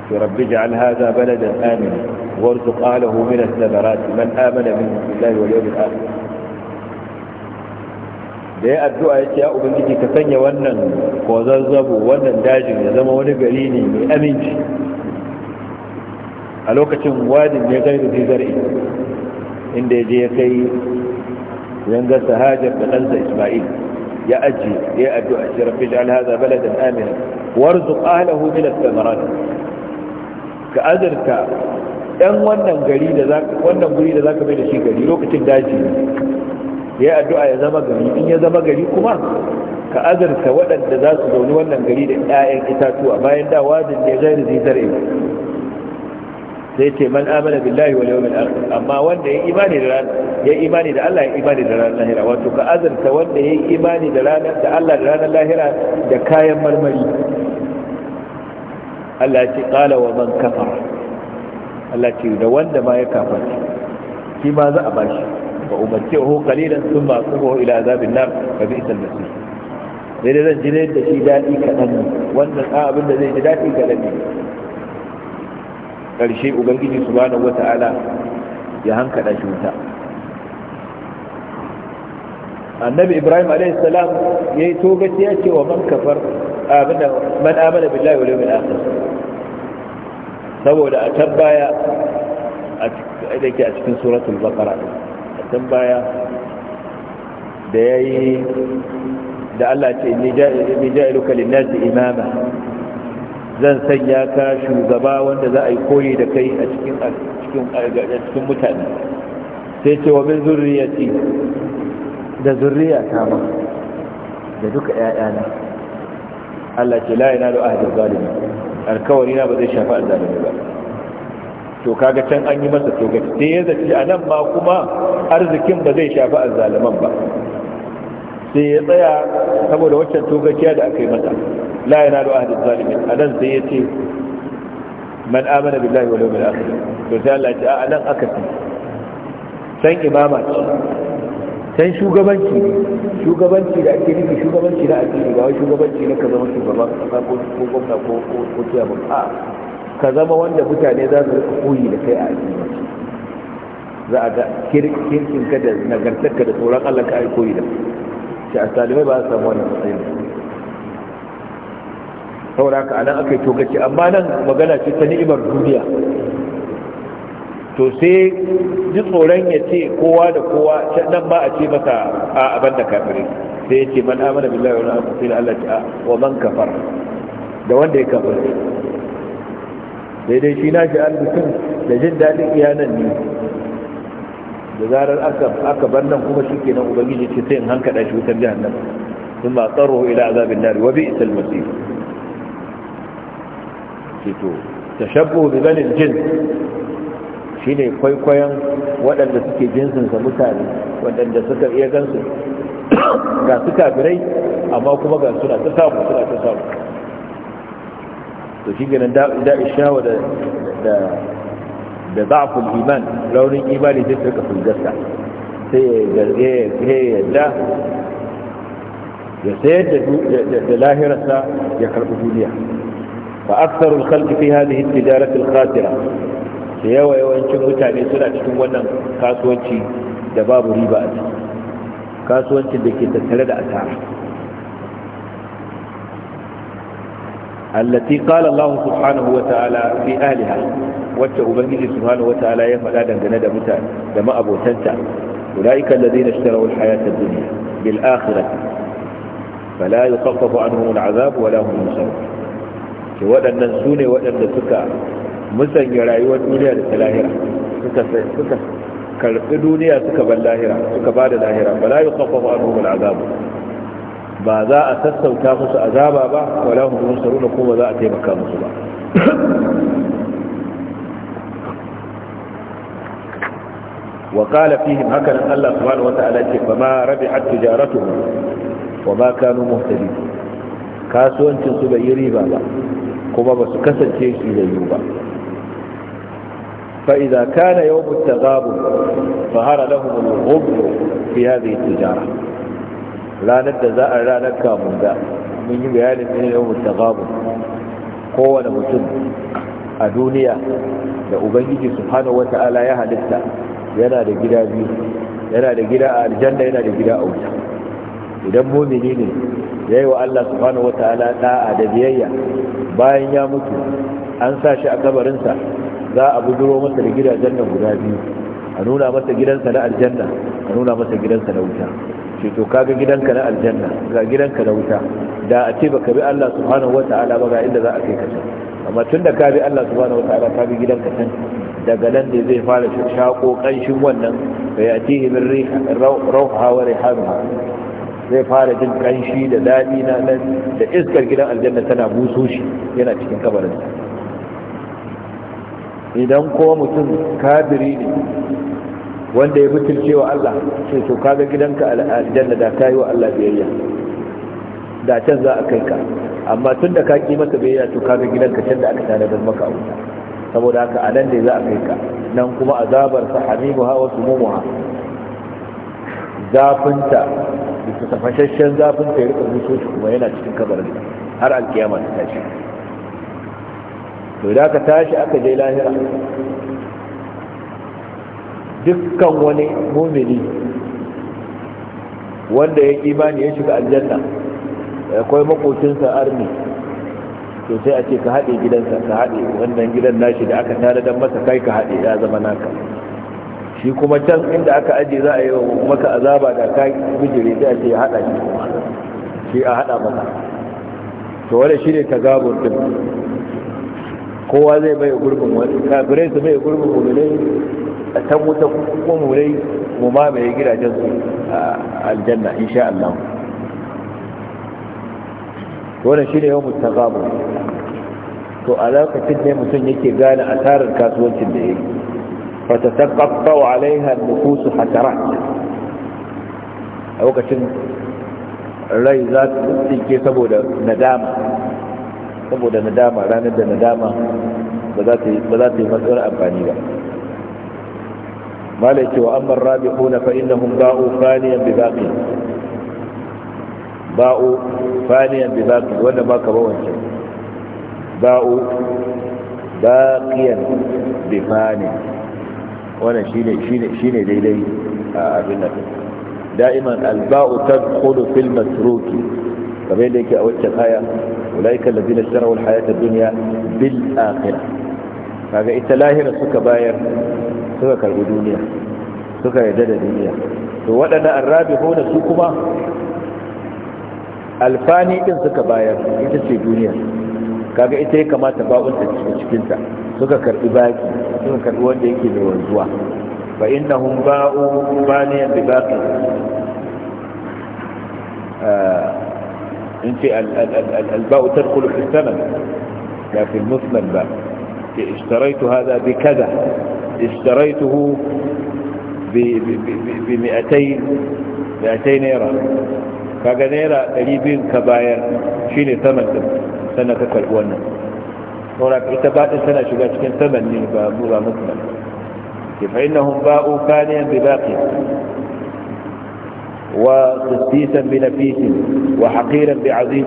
ki rabbi ja'al hadha baladan amina warzuq ahlihi min ath-thamarati man amana minhum billahi wal yawmil akhir da ya addu'a ya ce ya ubangiji ka sanya wannan kwazazzabo wannan dajin ya zama wani gari ne mai aminci a lokacin wadin ne gairu fi zari inda ya je ya kai yangar sahajar da ɗansa ismail ya aji ya addu'a shi rabbi ja'al hadha baladan amina warzuq ahlihi min ath-thamarat ka azurta dan wannan gari da zaka wannan guri da bai da shi gari lokacin daji ya addu'a ya zama gari in ya zama gari kuma ka azurta waɗanda za su zauni wannan gari da 'ya'yan itatuwa bayan da wadin da sai ce man amana billahi wal yawmil akhir amma wanda ya imani da ran ya imani da Allah ya imani da ranar lahira wato ka azanta wanda ya imani da ranar da Allah da ranar lahira da kayan marmari Allah ce qala wa man kafara Allah ce da wanda ma ya kafarci shi ma za a bashi ba umarce ho qalilan thumma asuhu ila azabin nar fa bi'sal masir sai dai zan jire da shi dadi kadan wannan abin da zai ji dadi kadan ne Karshe ubangiji subhanahu wata'ala ya hankada shi wuta annabi ibrahim alaihi salam yayi togaci ya ce wa man kafar abinda man amana billahi wal yawmil akhir saboda a tabbaya a cikin a cikin suratul baqara a tabbaya da yayi da Allah ce inni ja'iluka lin-nasi imama zan sanya ka shugaba wanda za a yi koyi da kai a cikin cikin mutane sai ce wa min zurriyati da zurriya ta ma da duka ƴaƴana Allah ce la ina da ahdi zalimi alkawari na ba zai shafa azalimi ba to kaga can an yi masa to sai ya zaci a nan ma kuma arzikin ba zai shafi azzaliman ba sai ya tsaya saboda waccan togaciya da aka yi mata la yana da ahadin zalimin a nan sai ya ce man amana billahi wa lawmil akhir to sai Allah ya ce a nan aka fi san imama ce san shugabanci shugabanci da ake nufi shugabanci na addini ba wai shugabanci na ka zama shugaban kasa ko ko gwamna ko ko ko ciyaman a ka zama wanda mutane za su koyi da kai a addini za a ga kirkin ka da nagartar da tsoron Allah ka ai koyi da kai ce a salimai ba su samu wani matsayin saboda haka anan aka yi tokaci amma nan magana ce ta ni'imar duniya to sai ji tsoron ya ce kowa da kowa nan ba a ce masa a abin da kafirai sai ya ce man amana billahi wani na'am sai Allah a wa man kafar da wanda ya kafar Daidai shi na shi albisin da jin daɗin iyanan ne da zarar aka bar nan kuma shi kenan ubangiji ce sai in hankaɗa shi wutar jahannama sun ba tsaro ila azabin nari wa bi isal masir to tashabbu bi banin jin ne kwaikwayon waɗanda suke jinsinsa mutane waɗanda suka iya gansu ga su kafirai amma kuma ga suna ta samu suna ta samu to shi ganin da'i da da za'aful iman raunin imani zai suka fulgarsa eh, sai ya yadda ya sayar da lahirarsa ya karɓi duniya ba aksarul khalqi fi hadhihi at khatira da yawa yawancin mutane suna cikin wannan kasuwanci da babu riba a kasuwancin da ke tattare da asara allati qala Allah subhanahu wa ta'ala fi ahliha wacce ubangiji subhanahu wa ta'ala ya faɗa dangane da mutane da ma'abotanta ulaika alladhina ishtaraw al-hayata ad-dunya bil akhirati fala yukhaffafu anhum al-'adhab wa la hum yunsarun sune waɗanda suka musanya rayuwar duniya da lahira suka suka karbi lahira ba za a sassauta musu azaba ba wala hum yunsaruna kuma za a taimaka musu ba wa qala fihim hakan Allah subhanahu wata'ala ce ba ma rabi rabi'at tijaratuhum wa ma kanu muhtadin kasuwancinsu su yi riba ba kuma ba su kasance shi da yiwu ba فإذا كان يوم التغاب فهر لهم الغبر في هذه التجارة ranar da za a ranar kamun da mun yi bayanin ne yau mutagabu kowane mutum a duniya da ubangiji subhanahu wata'ala ya halitta yana da gida biyu yana da gida a aljanna yana da gida a wuta idan mumini ne ya yi wa Allah subhanahu wata'ala da'a da biyayya bayan ya mutu an sa shi a kabarinsa za a buduro masa da gidajen nan guda biyu a nuna masa gidansa na aljanna a nuna masa gidansa na wuta ce to kaga gidanka na aljanna ga gidanka na wuta da a ce baka bi Allah subhanahu wata'ala ba ga inda za a kai ka amma da ka bi Allah subhanahu wata'ala ka bi gidanka can daga nan ne zai fara shako kanshin wannan bai atihi min rauha wa zai fara jin kanshi da daɗi na nan da iskar gidan aljanna tana buso shi yana cikin kabarin idan kuma mutum kafiri ne wanda ya butulce wa Allah sai to kaga gidanka aljanna da kai wa Allah biyayya da can za a kai ka amma tun da ka ki masa biyayya to kaga gidanka can da aka tanadar maka abu saboda haka a nan dai za a kai ka nan kuma azabar sa hamimuha wa sumumuha zafinta da tafashashen zafinta ya rika musu shi kuma yana cikin kabarin har alkiyama ta tashi to da ka tashi aka je lahira dukkan wani mumini wanda ya imani ya shiga aljanna akwai makocinsa arni to sai a ce ka haɗe gidansa ka haɗe wannan gidan nashi da aka tare don masa kai ka haɗe ya zama naka shi kuma can inda aka aje za a yi maka azaba da ka bijire sai a ce ya haɗa shi shi a haɗa maka to wanda shi ne ta gabon din kowa zai bai gurbin wani kafirai su bai gurbin mummunai a ta wuta kuma murai mu mamaye gidajen su aljanna insha Allah wannan shine yawan mutaqabu to a lokacin ne mutum yake gane asarar kasuwancin da yake fa tataqatta alaiha an-nufus hatarat a lokacin rai za su tsike saboda nadama saboda nadama ranar da nadama ba za ta yi matsalar amfani ba قال وأما الرابحون فإنهم باءوا فانيا بباقي باءوا فانيا بباقي وانا ما كبوا انت باءوا باقيا بفاني وانا شيني شيني شيني لي لي آه، دائما الباء تدخل في المتروك فبين ليكي أولتك الايه أولئك الذين اشتروا الحياة الدنيا بالآخرة kaga ita lahira suka bayar suka karbi duniya suka yarda da duniya to waɗanda arrabi hona su kuma alfani ɗin suka bayar ita ce duniya kaga ita ya kamata ba'unta cikinta suka karbi baki suka karbi wanda yake da wanzuwa ba fa innahum ba'u baniyan bi baqi in ce al-ba'u tadkhulu fi sanan la ba' اشتريت هذا بكذا اشتريته ب بمئتين مئتين نيرا فقا نيرا تليبين كباير شيني ثمن سنة كالبوانا ورق اتباعت سنة شو شقاش كن ثمن يعني بابورا مكمل فإنهم باءوا كانيا بباقي وقسيسا بنفيس وحقيرا بعظيم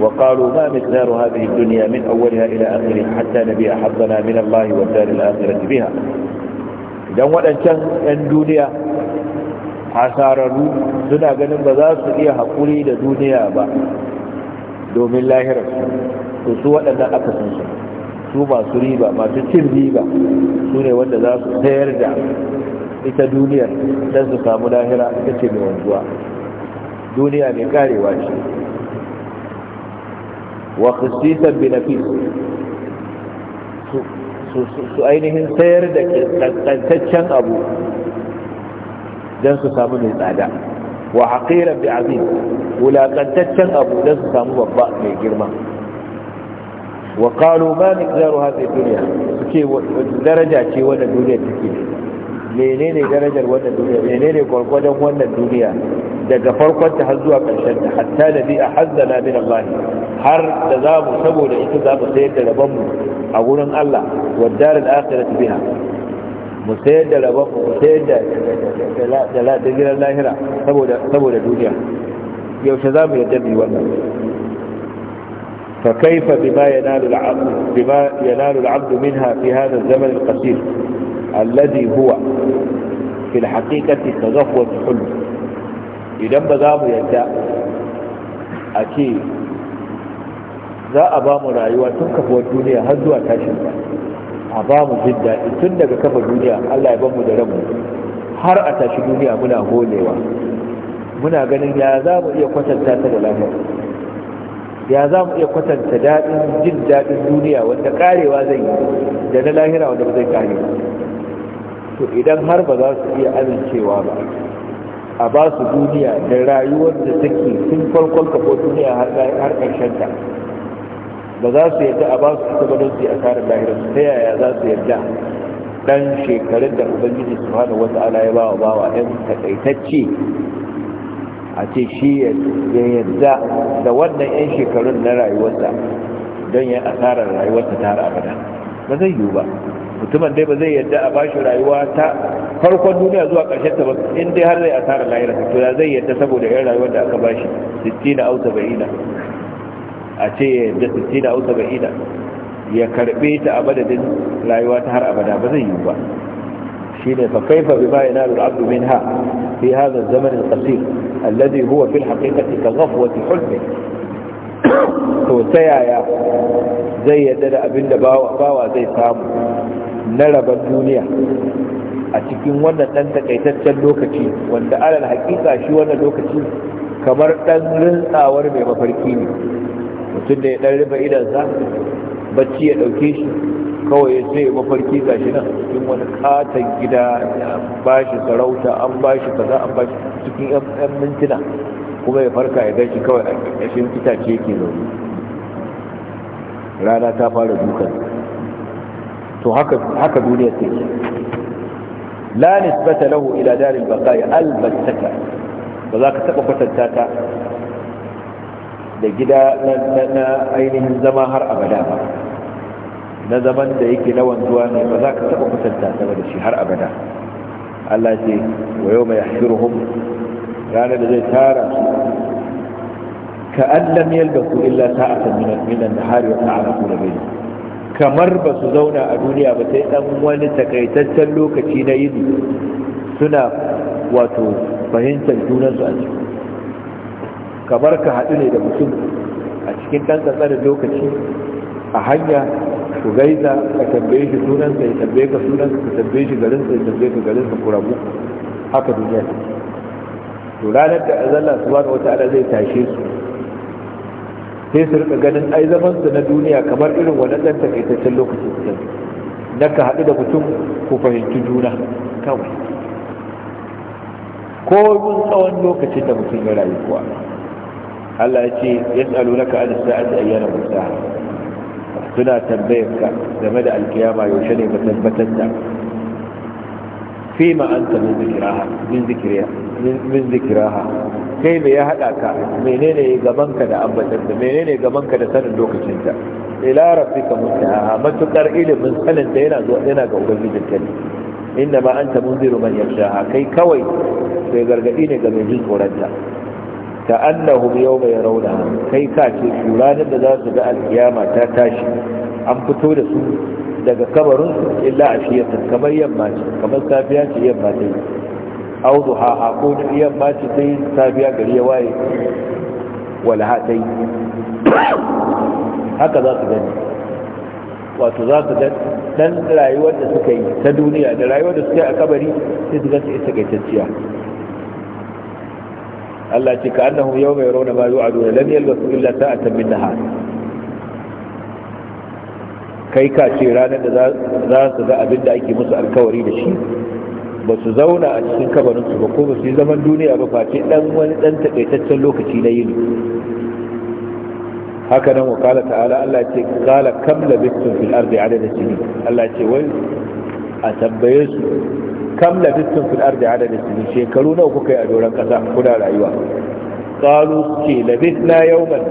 وقالوا ما مقدار هذه الدنيا من أولها إلى آخره حتى نبي حظنا من الله والدار الآخرة بها idan waɗancan 'yan duniya asararru suna ganin ba za iya haƙuri da duniya ba domin lahirar su su waɗannan akasinsu su masu riba masu cin riba su ne wanda za su sayar da ita duniyar don su samu lahira duniya mai karewa ce wa khasisan bi su ainihin sayar da kankantaccen abu don su samu mai tsada wa haƙiran bi azim wulaƙantaccen abu don su samu babba mai girma wa ƙalu ma miƙzaru haɗe duniya suke daraja ce wadda duniya take menene darajar wannan duniya menene gwargwadon wannan duniya daga farkon ta har zuwa ƙarshen ta hatta da bi a hazzana min Allah har da za mu saboda ita za mu sayar da rabon mu a gurin Allah wa darul akhirati biha mu sayar da rabon mu sayar da da da gidan lahira saboda saboda duniya yaushe za mu yadda bi wannan فكيف بما ينال العبد بما ينال العبد منها في هذا الزمن القصير الذي هو في الحقيقة تزهوة حلم idan ba za mu yadda a ce za a ba mu rayuwa tun kafuwar duniya har zuwa tashin ba a ba mu jin daɗi tun daga kafa duniya allah ya mu da ranmu har a tashi duniya muna holewa muna ganin ya za mu iya kwatanta ta da lafiya ya za mu iya kwatanta daɗin jin daɗin duniya wanda karewa zai yi da na lahira wanda ba zai kare ba to idan har ba za su iya amincewa ba a ba su duniya da rayuwar da take sun farkon kafo duniya har ƙarshen ta ba za su yadda a ba su ita ba don su yi asarar lahirar su ta yaya za su yadda Ɗan shekarun da ubangiji su hana wata ala ya bawa bawa ɗan takaitacce a ce shi ya yadda da wannan 'yan shekarun na rayuwarsa don ya asarar rayuwarsa ta har abada ba zai yiwu ba mutumin dai ba zai yadda a bashi rayuwa ta farkon duniya zuwa ƙarshen ta ba in dai har zai asara lahira to ya zai yadda saboda yan rayuwar da aka bashi 60 bai 70 a ce ya yadda 60 bai 70 ya karbe ta a madadin rayuwa ta har abada ba zai yi ba shi ne fa kaifa bi ma yanalu al-abdu minha fi hadha az-zaman al-qasir alladhi huwa fi al-haqiqati ka ghafwati hulmi to ta yaya zai yadda da abin da bawa zai samu na rabar duniya a cikin wannan ɗan takaitaccen lokaci wanda alal haƙiƙa shi wannan lokaci kamar ɗan rintsawar mai mafarki ne mutum da ya ɗan rufe idansa bacci ya ɗauke shi kawai ya ce mafarki ga shi nan cikin wani katon gida ya ba shi sarauta an ba shi kaza an ba shi cikin 'yan mintuna kuma ya farka ya gashi kawai a ƙarƙashin itace ke zaune rana ta fara dukan to haka duniya ta yi la nisbata lahu ila daril baqa'i albattaka ba za ka taɓa kwatanta ta da gida na ainihin zama har abada ba na zaman da yake na wanzuwa ne ba za ka taɓa kwatanta ta da shi har abada Allah ce wa yau mai ashiruhum ranar da zai tara su ka allam yalbasu illa sa'atan min minan nahari wa ta'arafu da bai kamar ba su zauna a duniya ba sai dan wani takaitaccen lokaci na yini suna wato fahimtar junansu a ciki kamar ka haɗu ne da mutum a cikin ɗan tsatsarin lokaci a hanya ku gaisa ka tambaye shi sunan ya tambaye ka sunansa ka tambaye shi garinsa ya tambaye ka garinsa ku rabu haka duniya take to ranar da Allah subhanahu wata'ala zai tashe su sai su rika ganin ai zaman su na duniya kamar irin wannan dan takaitaccen lokacin su na ka haɗu da mutum ku fahimci juna kawai ko mun tsawon lokacin da mutum ya rayu kuwa Allah ya ce yas'alunaka an sa'ati ayyana musaha suna tambayar ka game da alkiyama yaushe ne ka tabbatar da fi ma'anta min zikiraha min zikiriya min zikiraha kai me ya haɗa ka menene gabanka da ambatar da menene gabanka da sanin lokacinta ila rabbika muntaha matukar ilimin sanin ta yana zuwa yana ga ubangijin ka ne inda ma an anta munziru man yakhshaha kai kawai sai gargaɗi ne ga mai jin tsoronta ka annahum yawma yarawna kai ka ce shuranin da za su ga alkiyama ta tashi an fito da su daga kabarin illa a ashiyatan kamar yamma ce kamar safiya ce yamma ce audu ha ko da yamma ce sai safiya gari ya waye wala hatai haka za su gani wato za su ga dan rayuwar da suka yi ta duniya da rayuwar da suka yi a kabari sai su ga su isa gaitacciya Allah ce ka annahum mai yarawna ma yu'aduna lam yalbasu illa sa'atan min nahar kai ka ce ranar da za su ga abin da ake musu alkawari da shi ba su zauna a cikin kabarinsu ba ko ba su yi zaman duniya ba face dan wani dan takaitaccen lokaci na yini haka nan wakala ta'ala Allah ce kala kam labistum fil ardi adada sinin Allah ce wai a tambaye su kam labistum fil ardi adada sinin shekaru nawa kuka yi a doron kasa kuna rayuwa qalu ce labisna yawman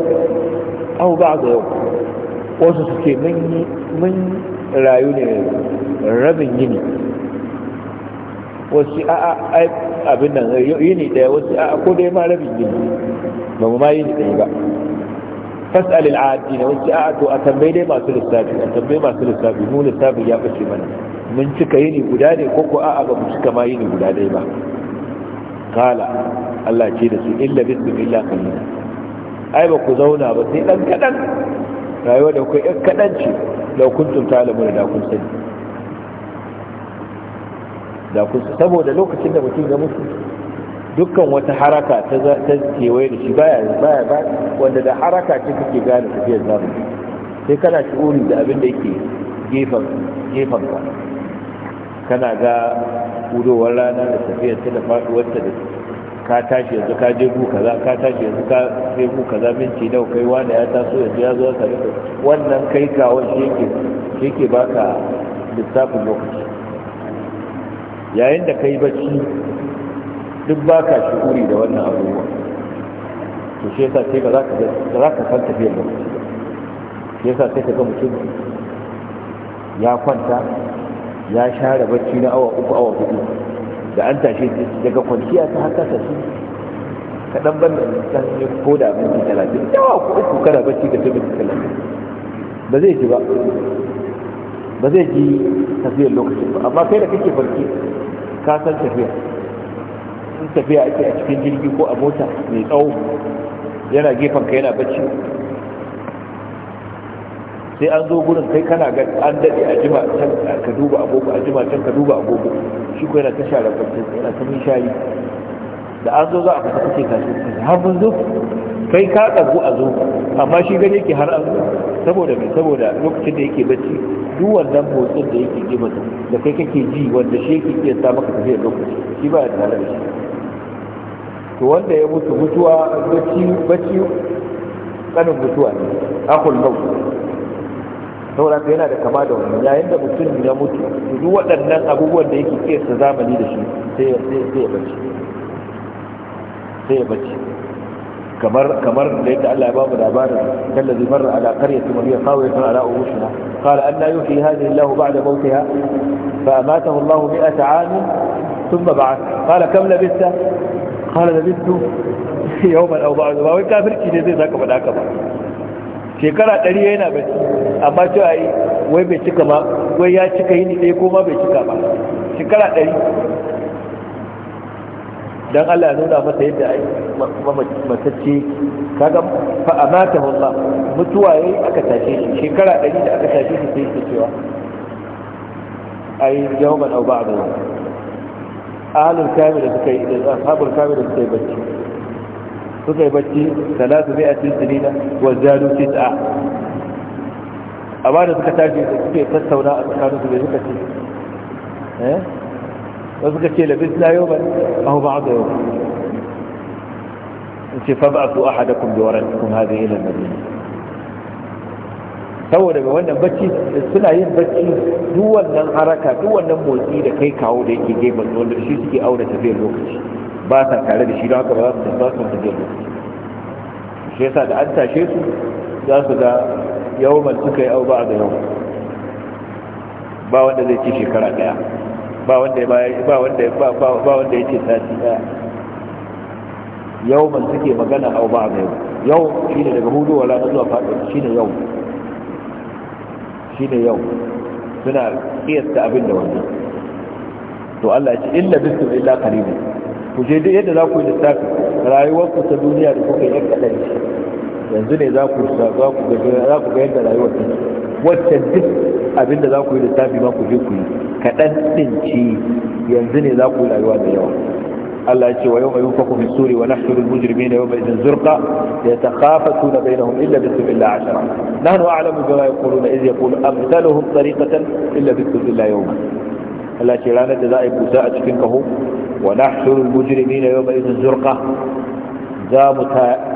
aw ba'd yawm wasu suke mun mun rayu ne rabin yini wasu a'a abin nan yini daya wasu a'a ko dai ma rabin yini ba mu ma yini daya ba fas'al al'adi na wasu a'a to a tambayi dai masu lissafi a tambayi masu lissafi mu lissafi ya bace mana mun cika yini guda ne ko ko a'a ba mu cika ma yini guda dai ba kala Allah ce da su illa bisu illa kalina ai ba ku zauna ba sai dan kaɗan rayuwa da ku yan kaɗan ce da kuntum ta'lamuna da kun sani da kun saboda lokacin da mutum ya mutu dukkan wata haraka ta kewaye da shi baya baya ba wanda da haraka ce kake gane tafiyar zamu sai kana uri da abin da yake gefen ka kana ga budowar rana da tafiyar ta da faduwar ta da ka tashi yanzu ka je ku kaza ka tashi yanzu ka je gu kaza minti nawa kai wanda ya taso yanzu ya zo ka wannan kai kawai shi yake shi yake baka lissafin lokaci yayin da ka yi bacci duk ba ka shi'uri da wannan abubuwa to shi yasa sai ka za ka san tafiyar lokaci ba shi yasa sai ka ga mutum ya kwanta ya share bacci na awa uku awa hudu da an tashi daga kwanciya ta haka sa shi kaɗan ban da nisan ya ko da minti talatin yawa ko uku kana bacci ka minti talatin ba zai ji ba ba zai ji tafiyar lokacin ba amma kai da kake farki ka san tafiya in tafiya ake a cikin jirgi ko a mota mai tsawo yana gefen ka yana bacci sai an zo gurin kai kana ga an daɗe a jima can ka duba agogo a jima can ka duba agogo shi ko yana ta share kwanciyar yana ta min shari da an zo za a fita kake kashi har mun zo kai ka ɗagu a zo amma shi gani yake har an zo saboda mai saboda lokacin da yake bacci duk wannan motsin da yake ji masa da kai kake ji wanda shi yake iya sa maka tafiyar lokaci shi ba ya tare da shi to wanda ya mutu mutuwa bacci bacci kanin mutuwa ne akul mau saboda ka yana da kama da wani yayin da mutum ya mutu duk waɗannan abubuwan da yake kiyasta zamani da shi sai ya bacci sai ya bace kamar kamar da yake Allah ya ba mu labarin kallazi marra ala qaryatin wa hiya qawiyatun ala urushiha qala an la yuhyi hadhihi Allah ba'da mawtiha fa amatahu Allah 100 'am thumma ba'ath qala kam labista qala labistu yawman aw ba'd ba wai kafirci ne zai saka fada ka ba shekara 100 yana bai amma to ai wai bai cika ba wai ya cika yini dai ko ma bai cika ba shekara 100 dan Allah ya nuna masa yadda ai matacce kaga fa amatahu Allah mutuwa yayi aka tashe shi shekara 100 da aka tashe shi sai yake cewa ai yawman aw ba'd ahlul da suka yi da ashabul da suka yi bacci suka yi bacci 300 sinina wa zalu tis'a amma da suka tashi suke tattauna a tsakaninsu bai suka ce eh wasu ka ce labis na yau ba ahu ba da yau in ce fa ba su a hada kun biwar kun haɗe ilan madina saboda mai wannan bacci suna yin bacci duk wannan haraka duk wannan motsi da kai kawo da yake gefen wanda shi suke auna tafiyar lokaci ba sa tare da shi don haka ba za su tafi tafiyar lokaci shi yasa da an tashe su za su ga yawon suka yi au ba da yau ba wanda zai ci shekara daya ba wanda ya ce sati daya yau man suke magana a ba mai yau shi shine daga hudu wala na zuwa faɗi shine yau shine yau suna kiyasta abin da wannan to Allah ya ce illa bisu illa qaribu ku je da yadda za ku yi lissafi rayuwar ku ta duniya da kuka yi kadan yanzu ne za ku za ku ga za ku ga yadda rayuwar ta wacce duk abinda za ku yi lissafi ma ku je ku yi kaɗan ɗin ci yanzu ne za ku yi rayuwa da yawa Allah ya ce wa yawma yunfaku fi suri wa nahshuru al-mujrimina yawma idhin zurqa yatakhafatuna bainahum illa bi illa ashara nahnu a'lamu bima yaquluna idh yaqulu amsaluhum tariqatan illa bi illa yawma Allah ya ce ranar da za a yi busa a cikin kaho wa nahshuru al-mujrimina yawma idhin zurqa za mu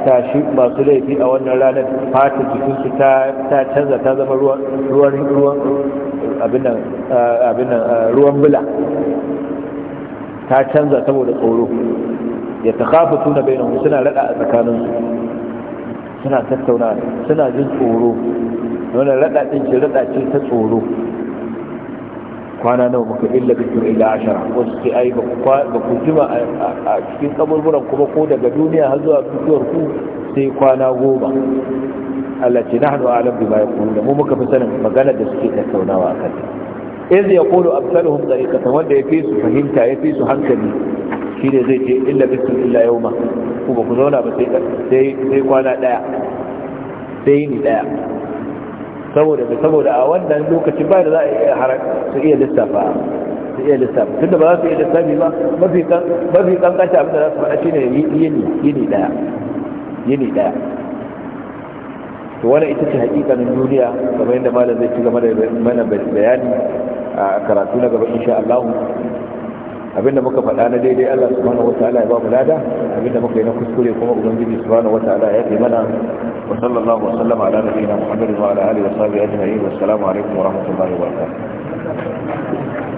tashi masu laifi a wannan ranar fatin jikinsu ta canza ta zama ruwan ruwan bula ta canza saboda tsoro ya ta kafa tuna bai suna rada a tsakaninsu suna tattauna suna jin tsoro wannan rada ɗin ce rada ce ta tsoro kwana nawa muka illa bikin ila ashara wasu sai ai ba ku jima a cikin kaburburan kuma ko daga duniya har zuwa fitowar ku sai kwana goma Allah ce nahnu a'lam bima yaqulun mu muka fi sanin magana da suke tattaunawa akan iz yaqulu absaluhum tariqatan wanda yafi su fahimta yafi su hankali shine zai ce illa bikin illa yawma ko ba ku zauna ba sai sai kwana daya sai ni daya saboda da saboda a wannan lokacin ba da za a iya harar su iya lissafa su iya lissafa tunda ba za su iya lissafi ba mafi kankanta abin da za su faɗa shi ne yini ɗaya yini ɗaya to wani ita ce hakikanin duniya kamar yadda malam zai ci gaba da mana bayani a karatu na gaba insha Allah abinda muka faɗa na daidai Allah subhanahu wataala ya ba mu lada abinda muka yi na kuskure kuma ubangiji subhanahu wataala ya yi mana wa sallallahu wa sallama ala nabiyyina muhammadin wa ala alihi wa sahbihi ajma'in wa assalamu alaikum wa rahmatullahi wa barakatuh